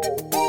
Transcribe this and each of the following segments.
Thank you.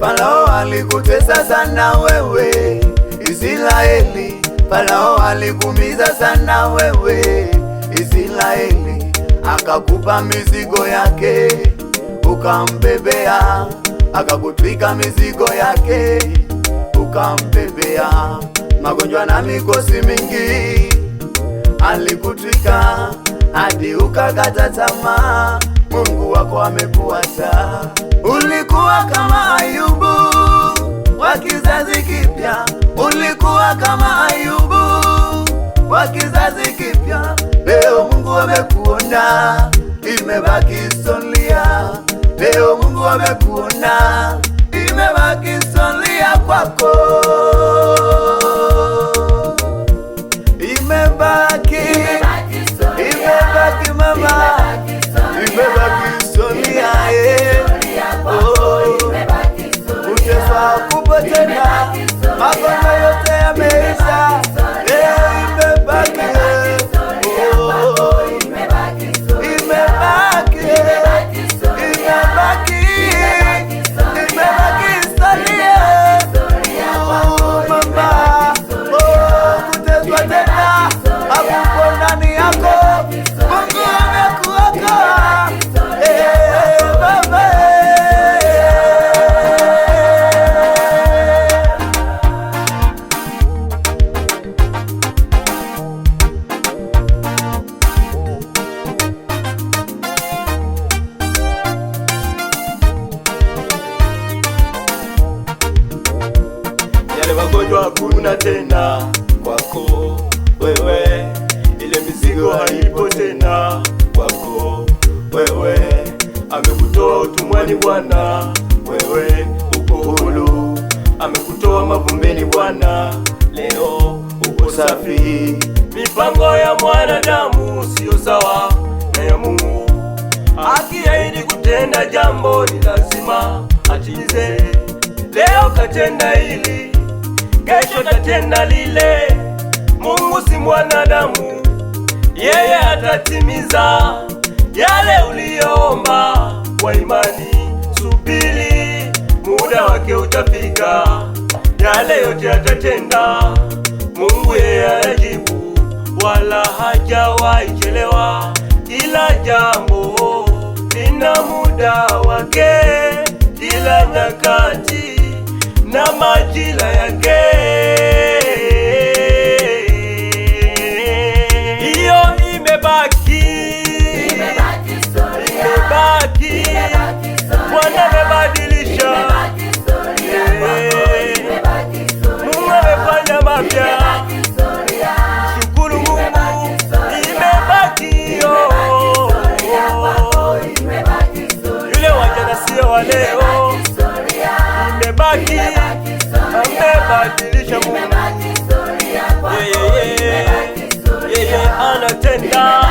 Farao alikutesa sana wewe Israeli, Farao alikumiza sana wewe Israeli, akakupa mizigo yake ukambebea, akakutwika mizigo yake ukambebea, magonjwa na mikosi mingi alikutwika hadi ukakata tamaa. Mungu wako amekuacha Ulikuwa kama Ayubu wa kizazi kipya, ulikuwa kama Ayubu wa kizazi kipya. Leo Mungu amekuona, imebaki sonlia. Leo Mungu amekuona, imebaki sonlia kwako, imebaki kupo tena, magonjwa yote yameisha. hakuna tena kwako wewe, ile mizigo haipo tena kwako wewe, amekutoa utumwani Bwana wewe, uko huru, amekutoa mavumbini Bwana, leo uko safi. Mipango ya mwanadamu sio sawa na ya Mungu, akiahidi kutenda jambo ni lazima atimize. Leo katenda hili kesho tatenda lile. Mungu si mwanadamu, yeye atatimiza yale uliyoomba kwa imani. Subiri, muda wake utafika, yale yote atatenda. Mungu yeye anajibu, wala hajawahi chelewa. Kila jambo lina muda wake, kila nyakati Nimebaki historia kwako, nimebaki historia anatenda